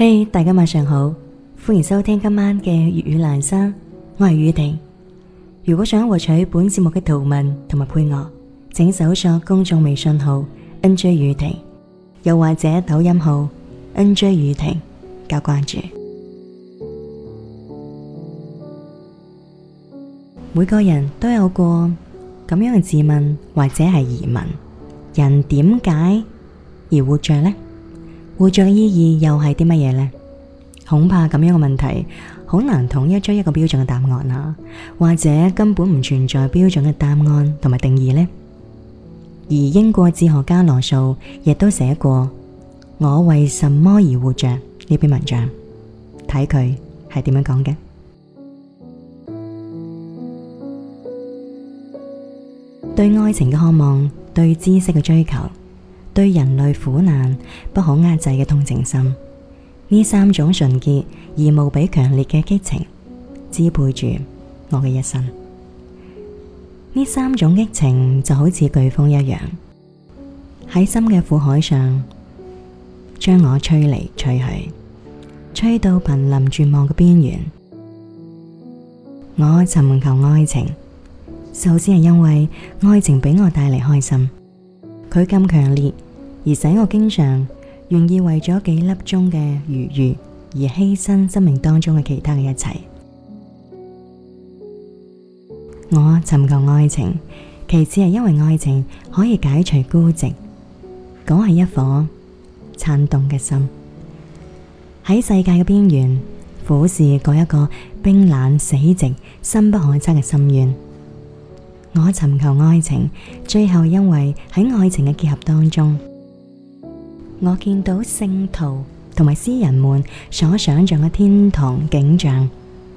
嘿，hey, 大家晚上好，歡迎收聽今晚嘅粵語闌珊，我係宇婷。如果想獲取本節目嘅圖文同埋配樂，請搜索公眾微信號 NJ 宇婷，又或者抖音號 NJ 宇婷，加關注。每個人都有過咁樣嘅自問或者係疑問：人點解而活着呢？活着嘅意義又係啲乜嘢呢？恐怕咁樣嘅問題好難統一出一個標準嘅答案啊，或者根本唔存在標準嘅答案同埋定義呢。而英國哲學家羅素亦都寫過《我為什麼而活着》呢篇文章，睇佢係點樣講嘅。對愛情嘅渴望，對知識嘅追求。對人類苦難不可遏制嘅同情心，呢三種純潔而無比強烈嘅激情，支配住我嘅一生。呢三種激情就好似颶風一樣，喺深嘅苦海上，將我吹嚟吹去，吹到瀕臨絕望嘅邊緣。我尋求愛情，首先係因為愛情俾我帶嚟開心。佢咁強烈，而使我經常願意為咗幾粒鐘嘅愉悅而犧牲生、生命當中嘅其他嘅一切。我尋求愛情，其次係因為愛情可以解除孤寂。嗰係一顆顫動嘅心，喺世界嘅邊緣俯視嗰一個冰冷死寂、深不可測嘅深淵。我尋求愛情，最後因為喺愛情嘅結合當中，我見到聖徒同埋詩人們所想象嘅天堂景象，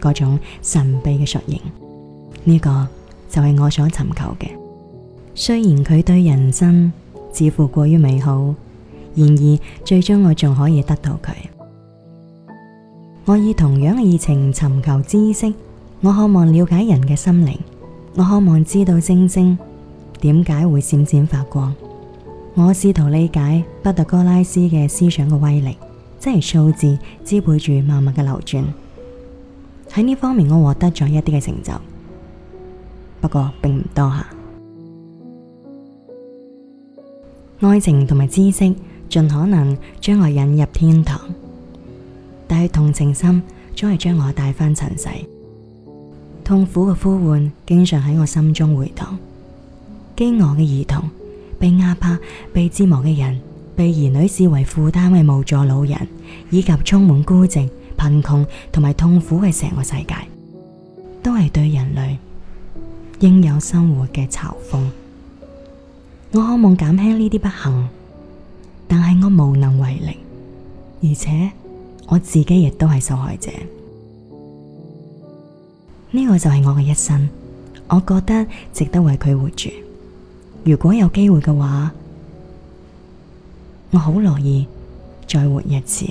各種神秘嘅縮影，呢個就係我所尋求嘅。雖然佢對人生似乎過於美好，然而最終我仲可以得到佢。我以同樣嘅熱情尋求知識，我渴望了解人嘅心靈。我渴望知道星星點解會閃閃發光，我試圖理解畢達哥拉斯嘅思想嘅威力，即係數字支配住萬物嘅流轉。喺呢方面，我獲得咗一啲嘅成就，不過並唔多吓。愛情同埋知識盡可能將我引入天堂，但係同情心總係將我帶翻塵世。痛苦嘅呼喚經常喺我心中回蕩，飢餓嘅兒童、被壓迫、被折磨嘅人、被兒女視為負擔嘅無助老人，以及充滿孤寂、貧窮同埋痛苦嘅成個世界，都係對人類應有生活嘅嘲諷。我渴望減輕呢啲不幸，但係我無能為力，而且我自己亦都係受害者。呢個就係我嘅一生，我覺得值得為佢活住。如果有機會嘅話，我好樂意再活一次。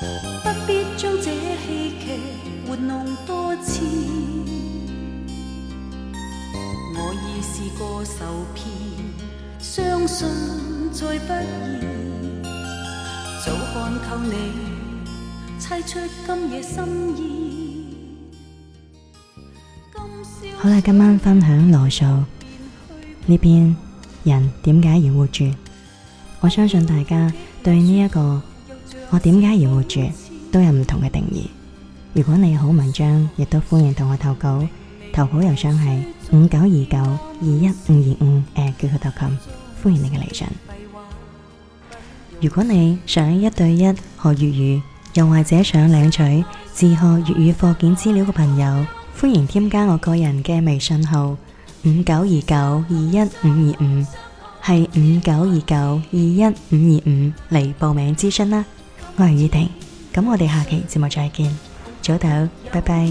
不必將這戲劇玩弄多次，我已試過受騙，相信再不易。猜出今夜心意。好啦，今晚分享羅素呢邊 人點解要活住？我相信大家對呢、這、一個。我點解要活住，都有唔同嘅定義。如果你好文章，亦都歡迎同我投稿。投稿郵箱係五九二九二一五二五，誒，叫佢投琴。歡迎你嘅嚟信。如果你想一對一學粵語，又或者想領取自學粵語課件資料嘅朋友，歡迎添加我個人嘅微信號，五九二九二一五二五，係五九二九二一五二五，嚟報名諮詢啦。我係宇婷，咁我哋下期節目再見，早唞，拜拜。